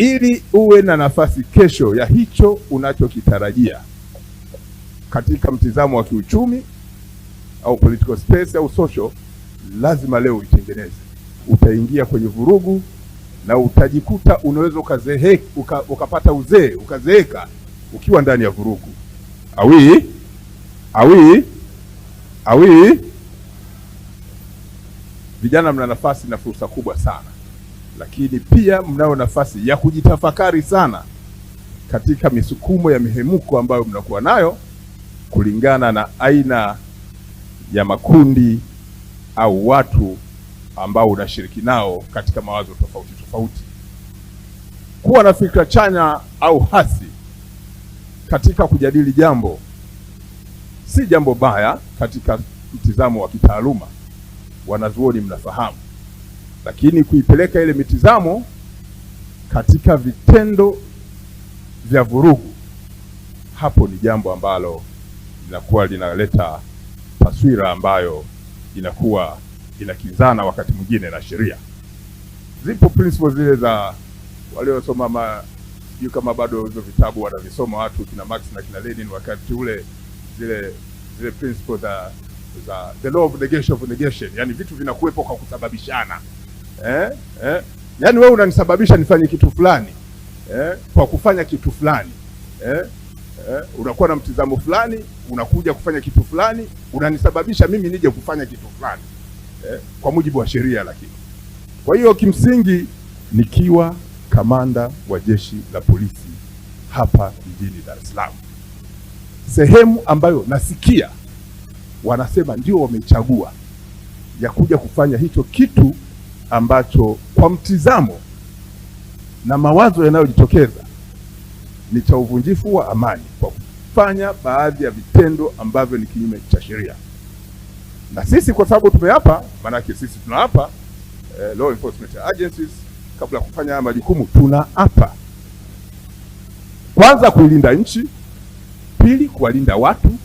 ili uwe na nafasi kesho ya hicho unachokitarajia katika mtizamo wa kiuchumi au political space au social, lazima leo uitengeneze. Utaingia kwenye vurugu na utajikuta unaweza ukazehe, uka, ukapata uzee ukazeeka ukiwa ndani ya vurugu. awi awi awi, vijana mna nafasi na fursa kubwa sana lakini pia mnayo nafasi ya kujitafakari sana katika misukumo ya mihemuko ambayo mnakuwa nayo kulingana na aina ya makundi au watu ambao unashiriki nao katika mawazo tofauti tofauti. Kuwa na fikra chanya au hasi katika kujadili jambo si jambo baya katika mtizamo wa kitaaluma. Wanazuoni mnafahamu lakini kuipeleka ile mitizamo katika vitendo vya vurugu, hapo ni jambo ambalo linakuwa linaleta taswira ambayo inakuwa inakinzana wakati mwingine na sheria. Zipo principles zile za waliosoma ma sijui kama bado hizo vitabu wanavisoma watu kina Marx na kina Lenin, wakati ule zile zile principles za za the law of negation of negation, yani vitu vinakuwepo kwa kusababishana eh, eh. Yaani wewe unanisababisha nifanye kitu fulani eh, kwa kufanya kitu fulani eh, eh. Unakuwa na mtizamo fulani, unakuja kufanya kitu fulani, unanisababisha mimi nije kufanya kitu fulani eh, kwa mujibu wa sheria. Lakini kwa hiyo kimsingi, nikiwa kamanda wa jeshi la polisi hapa mjini Dar es Salaam, sehemu ambayo nasikia wanasema ndio wamechagua ya kuja kufanya hicho kitu ambacho kwa mtizamo na mawazo yanayojitokeza ni cha uvunjifu wa amani kwa kufanya baadhi ya vitendo ambavyo ni kinyume cha sheria. Na sisi kwa sababu tumeapa, maanake sisi tunaapa eh, law enforcement agencies kabla ya kufanya haya majukumu tunaapa kwanza kuilinda nchi, pili kuwalinda watu,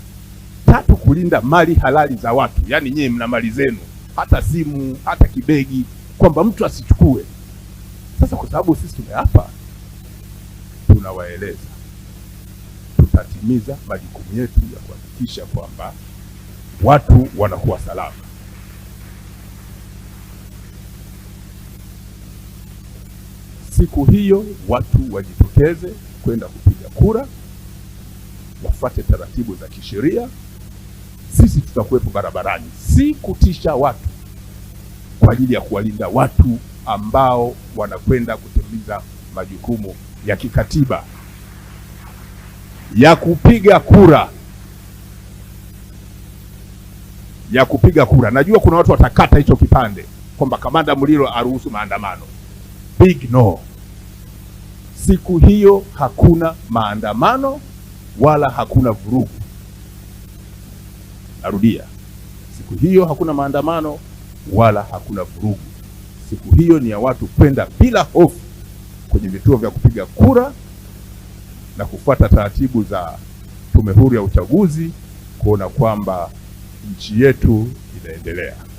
tatu kulinda mali halali za watu. Yaani nyinyi mna mali zenu, hata simu, hata kibegi kwamba mtu asichukue. Sasa kwa sababu sisi tumeapa, tunawaeleza tutatimiza majukumu yetu ya kuhakikisha kwamba watu wanakuwa salama. Siku hiyo watu wajitokeze kwenda kupiga kura, wafuate taratibu za kisheria. Sisi tutakuwepo barabarani, si kutisha watu kwa ajili ya kuwalinda watu ambao wanakwenda kutimiza majukumu ya kikatiba ya kupiga kura ya kupiga kura. Najua kuna watu watakata hicho kipande kwamba kamanda Muliro aruhusu maandamano. Big no. Siku hiyo hakuna maandamano wala hakuna vurugu. Narudia, siku hiyo hakuna maandamano wala hakuna vurugu. Siku hiyo ni ya watu kwenda bila hofu kwenye vituo vya kupiga kura na kufuata taratibu za Tume Huru ya Uchaguzi kuona kwamba nchi yetu inaendelea.